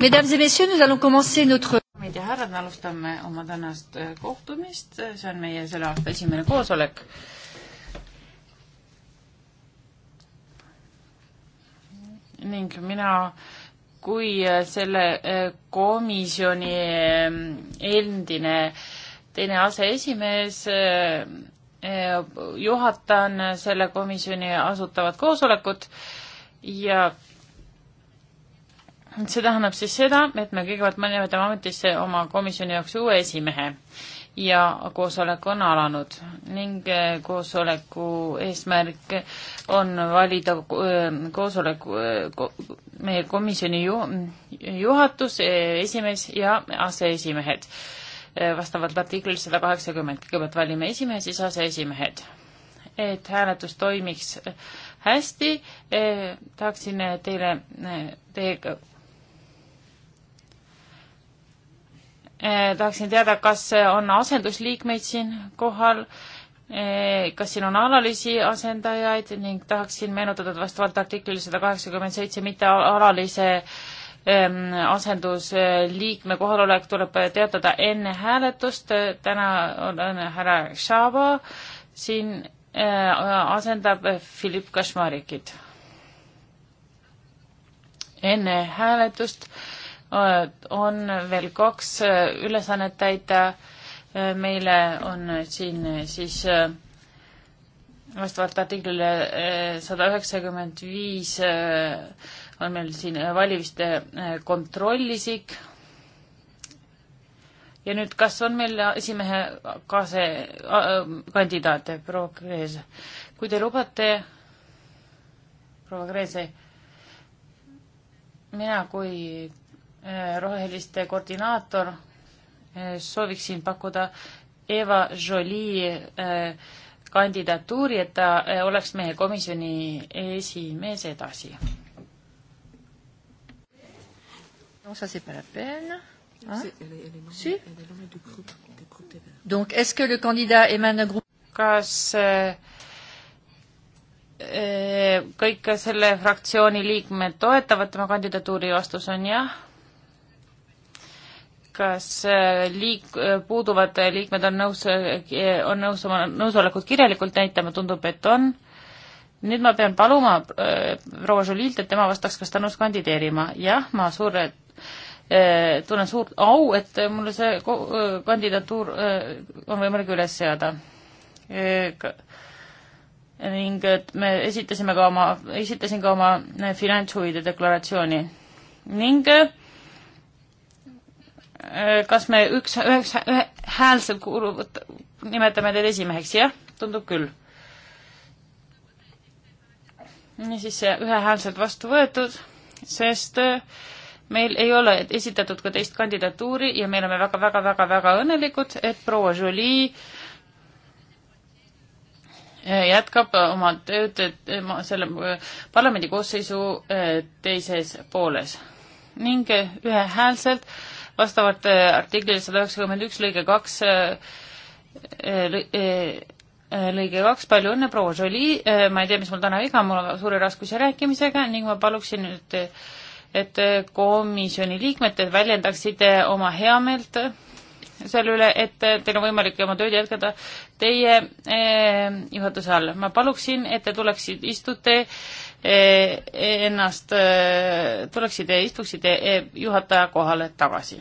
Mesdames et messieurs, nous allons commencer notre meid ja härrad, me alustame oma tänast äh, kohtumist, see on meie selle aasta esimene koosolek. ning mina kui äh, selle äh, komisjoni ähm, endine teine aseesimees juhatan selle komisjoni asutavat koosolekut ja see tähendab siis seda, et me kõigepealt nimetame ametisse oma komisjoni jaoks uue esimehe ja koosolek on alanud ning eh, koosoleku eesmärk on valida eh, koosoleku, eh, meie komisjoni ju, juhatus, esimees ja aseesimehed. vastavalt artiklile sada kaheksakümmend, kõigepealt valime esimehe, siis aseesimehed. et hääletus toimiks hästi, tahaksin teile, teiega Eh, tahaksin teada, kas on asendusliikmeid siin kohal, eh, kas siin on alalisi asendajaid ning tahaksin meenutada, et vastavalt artiklile sada kaheksakümmend seitse mittealalise ehm, asendusliikme kohalolek tuleb teatada enne hääletust. täna on härra Šaba siin eh, asendab Philipp Kašmarikit. enne hääletust äh, Äh, on veel kaks äh, ülesannet täita. Äh, meile on siin siis vastavalt artiklile sada üheksakümmend viis on meil siin valimiste kontrollisik. ja nüüd, kas on meil esimehe kaasekandidaate, proua Kreese? kui te lubate, proua Kreese, mina kui Eh, roheliste koordinaator, eh, sooviksin pakkuda Eva Jolie eh, kandidatuuri, et ta oleks meie komisjoni esimees edasi. Non, ça c'est pas la peine. Hein si. Donc, est-ce que le candidat émane d'un groupe Kas äh, kõik selle fraktsiooni liikmed toetavad tema kandidatuuri, vastus on jah kas äh, liik-, äh, puuduvad äh, liikmed on nõus, on nõus oma nõusolekut kirjalikult näitama, tundub, et on. nüüd ma pean paluma proua Žulilt, et tema vastaks, kas ta on nõus kandideerima. jah, ma suure, tunnen suurt au, et mulle see kandidatuur on võimalik üles seada. ning et me esitasime ka oma, esitasin ka oma finantshuvide deklaratsiooni ning Äh, kas me üks, üheks ühe, häälselt kuuluvat, nimetame teid esimeheks, jah, tundub küll. niisiis, see ühehäälselt vastu võetud, sest äh, meil ei ole esitatud ka teist kandidatuuri ja me oleme väga-väga-väga-väga õnnelikud, et proua Jolie äh, jätkab oma tööd selle parlamendi koosseisu teises pooles ning ühehäälselt vastavalt äh, artiklile sada üheksakümmend üks lõige kaks äh, äh, lõige kaks, palju õnne, proua Jolie, ma ei tea, mis mul täna viga, mul on suuri raskusi rääkimisega ning ma paluksin nüüd, et komisjoni liikmed väljendaksite oma heameelt selle üle, et teil on võimalik oma tööd jätkada teie eh, juhatuse all. ma paluksin, et te tuleksite, istute eh, E, e, ennast, e, tuleksid ja istuksid juhataja kohale tagasi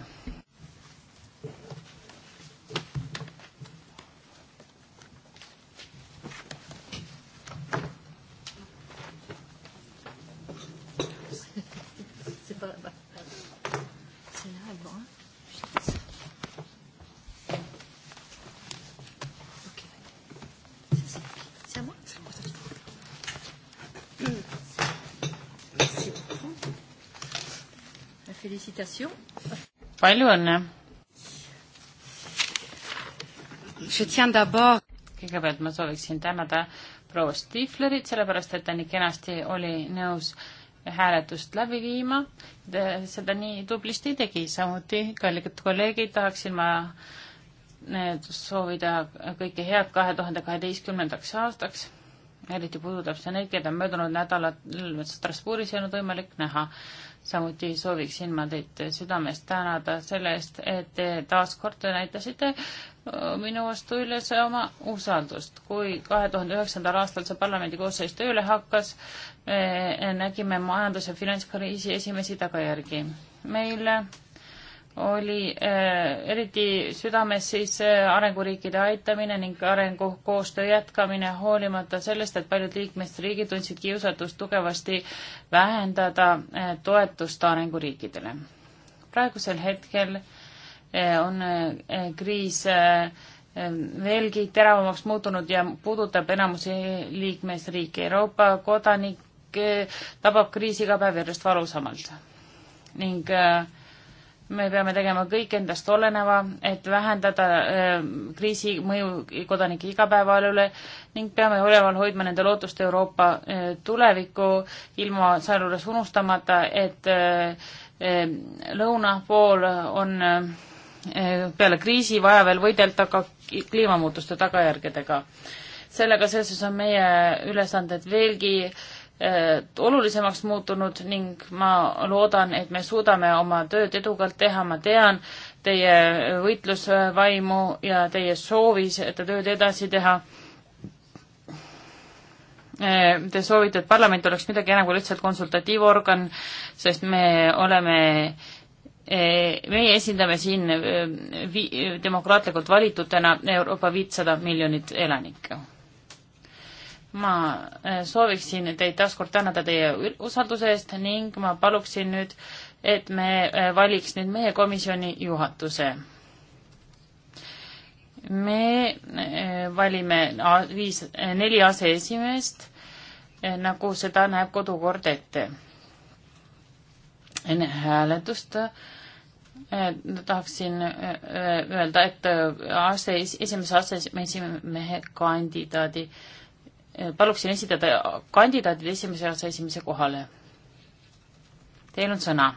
palju õnne! kõigepealt ma sooviksin tänada proua Stiflerit, sellepärast et ta nii kenasti oli nõus hääletust läbi viima. seda nii tublisti tegi, samuti kallid kolleegid, tahaksin ma eh, soovida kõike head kahe tuhande kaheteistkümnendaks aastaks eriti puudutab see neid, keda möödunud nädalal Strasbourgis ei olnud võimalik näha. samuti sooviksin ma teid südamest tänada selle eest, et te taaskord näitasite minu vastu üles oma usaldust. kui kahe tuhande üheksandal aastal see parlamendi koosseis tööle hakkas, nägime majandus- ja finantskriisi esimesi tagajärgi. meil oli äh, eriti südames siis äh, arenguriikide aitamine ning arengukoostöö jätkamine, hoolimata sellest, et paljud liikmesriigid tundsid kiusatust tugevasti vähendada äh, toetust arenguriikidele. praegusel hetkel äh, on äh, kriis äh, veelgi teravamaks muutunud ja puudutab enamusi liikmesriike. Euroopa kodanik äh, tabab kriis iga päev järjest valusamalt ning äh, me peame tegema kõik endast oleneva, et vähendada äh, kriisi mõju kodanike igapäevaelule ning peame üleval hoidma nende lootust Euroopa äh, tulevikku, ilma sealjuures unustamata, et äh, lõuna pool on peale kriisi vaja veel võidelda ka kliimamuutuste tagajärgedega. sellega seoses on meie ülesanded veelgi äh, Äh, olulisemaks muutunud ning ma loodan, et me suudame oma tööd edukalt teha, ma tean teie võitlusvaimu ja teie soovi seda tööd edasi teha. Äh, te soovite, et parlament oleks midagi enam kui lihtsalt konsultatiivorgan, sest me oleme, äh, meie esindame siin vi-, demokraatlikult valitutena Euroopa viitsada miljonit elanikku ma äh, sooviksin teid taaskord tänada teie usalduse eest ning ma paluksin nüüd, et me äh, valiks nüüd meie komisjoni juhatuse. me äh, valime viis, neli aseesimeest, nagu seda näeb kodukord ette. enne hääletust tahaksin öelda, et ase, esimese aseesimehe kandidaadi äh, paluksin esitada kandidaadid esimese aseesimehe kohale. Teil on sõna.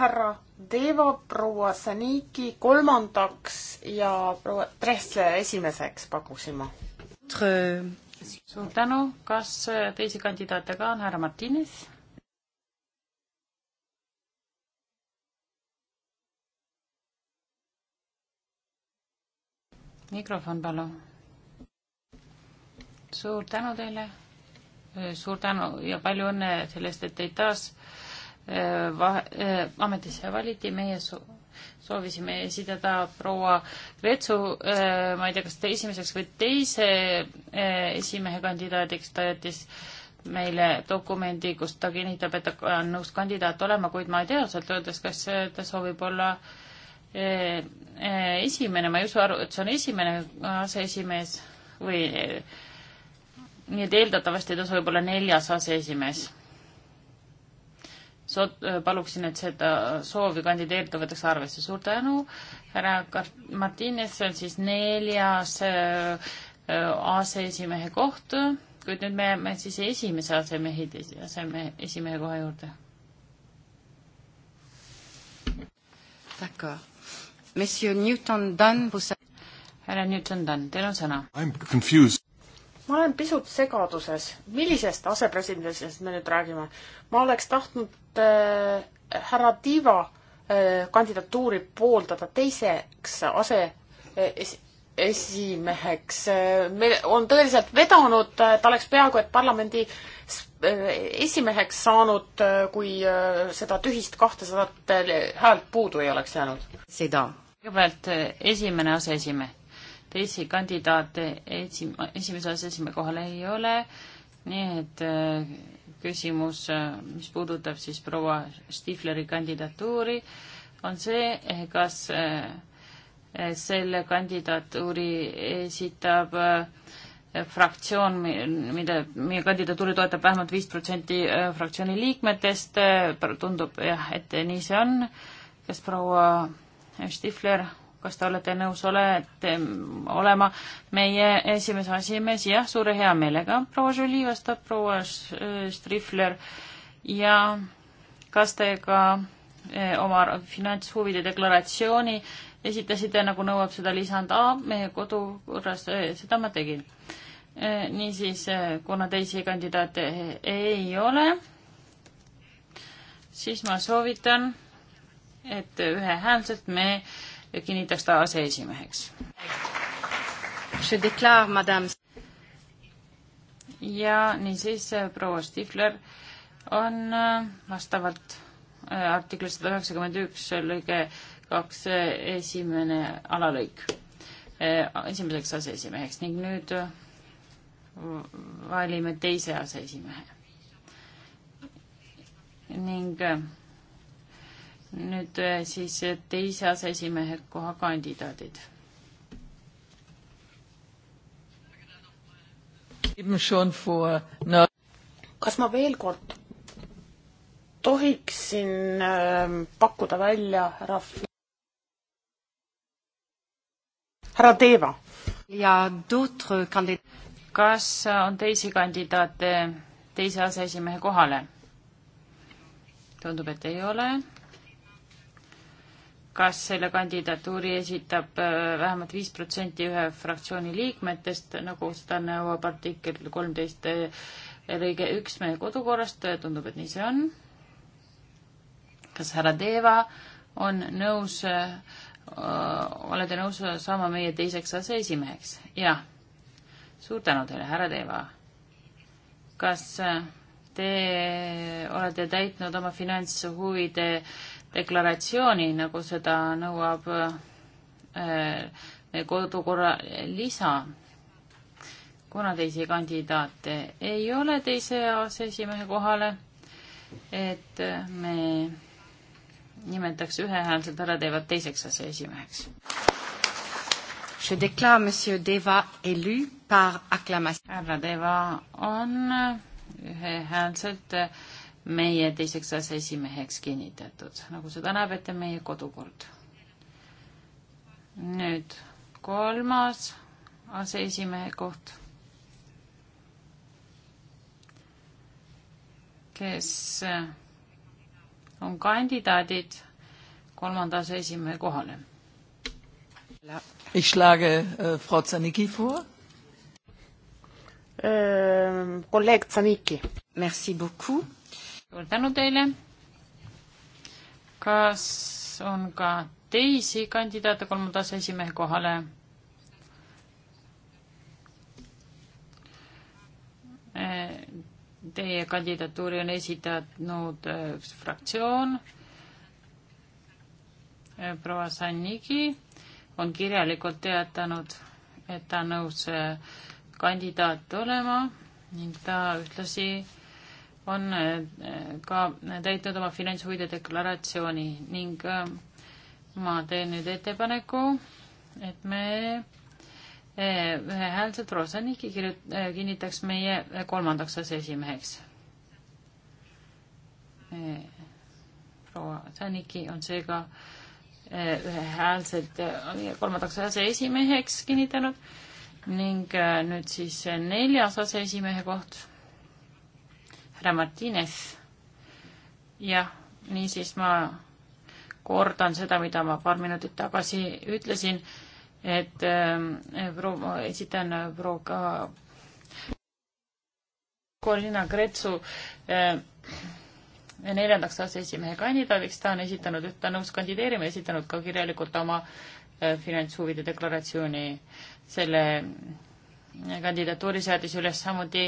härra Deva, proua Saniki kolmandaks ja proua Dressle esimeseks pakkusime. suur tänu, kas teisi kandidaate ka on, härra Martinis? mikrofon palun. suur tänu teile, äh, suur tänu ja palju õnne sellest, et teid taas äh, vahe, äh, ametisse valiti, meie so soovisime esitada proua Kretsu äh,, ma ei tea, kas ta esimeseks või teise äh, esimehe kandidaadiks, ta jättis meile dokumendi, kus ta kinnitab, et ta on nõus kandidaat olema, kuid ma ei tea ausalt öeldes, kas äh, ta soovib olla äh, esimene, ma ei usu aru, et see on esimene aseesimees või nii et eeldatavasti ei tasu võib-olla neljas aseesimees. So-, paluksin, et seda soovi kandideerida võetakse arvesse. suur tänu, härra Martines, see on siis neljas aseesimehe koht, kuid nüüd me jääme siis esimese asemehi, asemehe, esimehe koha juurde. D'accord Monsieur Newton Dunn, kus härra Newton Dunn, teil on sõna. ma olen pisut segaduses, millisest asepresidendist me nüüd räägime? ma oleks tahtnud äh, härra Tiiva äh, kandidatuuri pooldada teiseks ase äh, esimeheks. me, on tõeliselt vedanud, ta oleks peaaegu et parlamendi eh, esimeheks saanud, kui eh, seda tühist kahtesadat eh, häält puudu ei oleks jäänud. seda. kõigepealt esimene aseesimees. teisi kandidaate esim-, esimese aseesimehe kohale ei ole, nii et küsimus, mis puudutab siis proua Stifleri kandidatuuri, on see, kas äh, selle kandidatuuri esitab äh, fraktsioon, mida, meie kandidatuuri toetab vähemalt viis protsenti äh, fraktsiooni liikmetest, äh, tundub jah, et nii see on. kas proua Stifler, kas te olete nõus olete, olema meie esimese aseesimees? jah, suure heameelega, proua Jolie vastab, proua Stifler ja kas te ka oma finantshuvide deklaratsiooni äh, esitasite, nagu nõuab seda lisand A meie kodukorras, äh, seda ma tegin. Äh, niisiis, äh, kuna teisi kandidaate ei ole, siis ma soovitan, et ühehäälselt me kinnitaks ta aseesimeheks. ja niisiis proua Stifler on vastavalt artiklis sada üheksakümmend üks lõige kaks eh, esimene alalõik eh, esimeseks aseesimeheks ning nüüd eh, valime teise aseesimehe. ning nüüd siis teise aseesimehe koha kandidaadid. kas ma veel kord tohiksin pakkuda välja härra härra Teeva. ja tutru kandidaat. kas on teisi kandidaate teise aseesimehe kohale? tundub, et ei ole. kas selle kandidatuuri esitab äh, vähemalt viis protsenti ühe fraktsiooni liikmetest, nagu seda nõuab artikkel kolmteist äh, lõige üks meie kodukorrast, tundub, et nii see on. kas härra Teeva on nõus äh, Äh, olete nõus saama meie teiseks aseesimeheks? jah. suur tänu teile, härra Teeva. kas äh, te olete täitnud oma finantshuvide deklaratsiooni, nagu seda nõuab meie äh, kodukorra lisa? kuna teisi kandidaate ei ole teise aseesimehe kohale, et me nimetatakse ühehäälselt ära, teevad teiseks aseesimeheks. Je déclare monsieur Deva élu par acclamation. härra Deva on ühehäälselt meie teiseks aseesimeheks kinnitatud, nagu seda näeb ette meie kodukord. nüüd kolmas aseesimehe koht. kes on kandidaadid kolmandas esimehe kohale. Ich schlage äh, Frau Zaniki vor. Ähm, kolleeg Zaniki. Merci beaucoup. suur tänu teile. kas on ka teisi kandidaate kolmanda aseesimehe kohale? Teie kandidatuuri on esitanud äh, fraktsioon. Äh, proua Sannigi on kirjalikult teatanud, et ta on nõus äh, kandidaat olema ning ta ühtlasi on ka täitnud oma finantshuvide deklaratsiooni ning ma teen nüüd ettepaneku, et me ühehäälselt Rosaniki äh, kinnitaks meie kolmandaks aseesimeheks. Äh, proua Saniki on seega äh, ühehäälselt kolmandaks aseesimeheks kinnitanud ning nüüd siis neljas aseesimehe koht, härra Martines. jah, niisiis ma kordan seda, mida ma paar minutit tagasi ütlesin et ähm, proua, esitan äh, proua ka Corina Kretsu äh, neljandaks aseesimehe kandidaadiks, ta on esitanud, ta on nõus kandideerima, esitanud ka kirjalikult oma äh, finantshuvide deklaratsiooni. selle kandidatuuri seadis üles samuti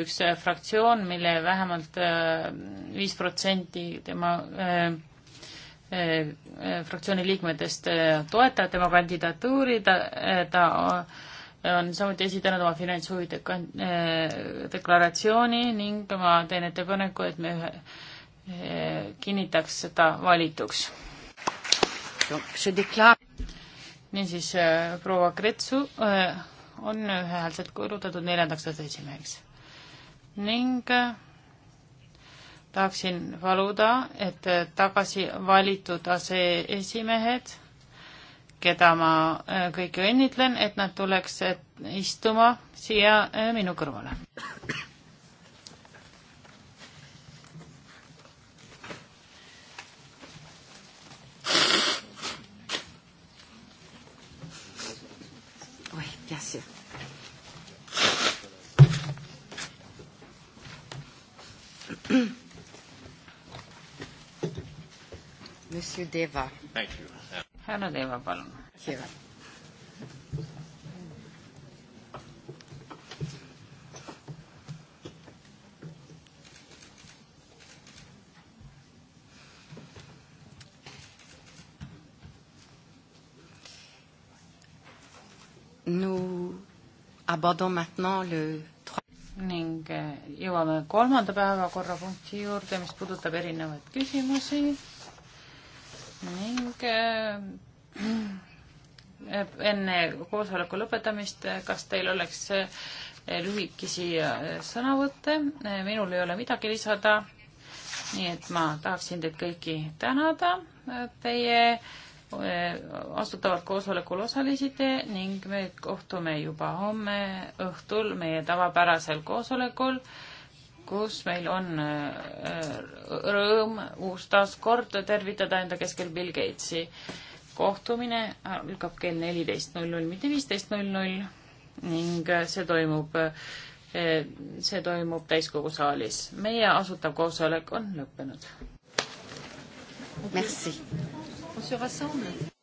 üks fraktsioon, mille vähemalt viis protsenti tema äh, Eh, fraktsiooni liikmetest eh, toetab tema kandidatuuri, ta, eh, ta on samuti esitanud oma finantshuvide deklaratsiooni ning ma teen ettepaneku, et me kinnitaks seda valituks. niisiis, proua Kretsu on ühehäälselt kuulutatud neljandaks aseesimeheks ning tahaksin paluda, et tagasi valitud aseesimehed, keda ma äh, kõiki õnnitlen, et nad tuleks äh, istuma siia äh, minu kõrvale. bien sûr. Monsieur Deva. Thank you. härra Deva, palun. Nous abordons maintenant le ning eh, jõuame kolmanda päevakorrapunkti juurde, mis puudutab erinevaid küsimusi ning äh, enne koosoleku lõpetamist, kas teil oleks äh, lühikesi äh, sõnavõtte, minul ei ole midagi lisada, nii et ma tahaksin teid kõiki tänada, teie astutavalt koosolekul osalesite ning me kohtume juba homme õhtul meie tavapärasel koosolekul kus meil on äh, rõõm uus taas kord tervitada enda keskel Bill Gatesi kohtumine algab kell neliteist null null, mitte viisteist null null ning äh, see toimub, äh, see toimub täiskogu saalis. meie asutav koosolek on lõppenud. Merci. On se rassemble.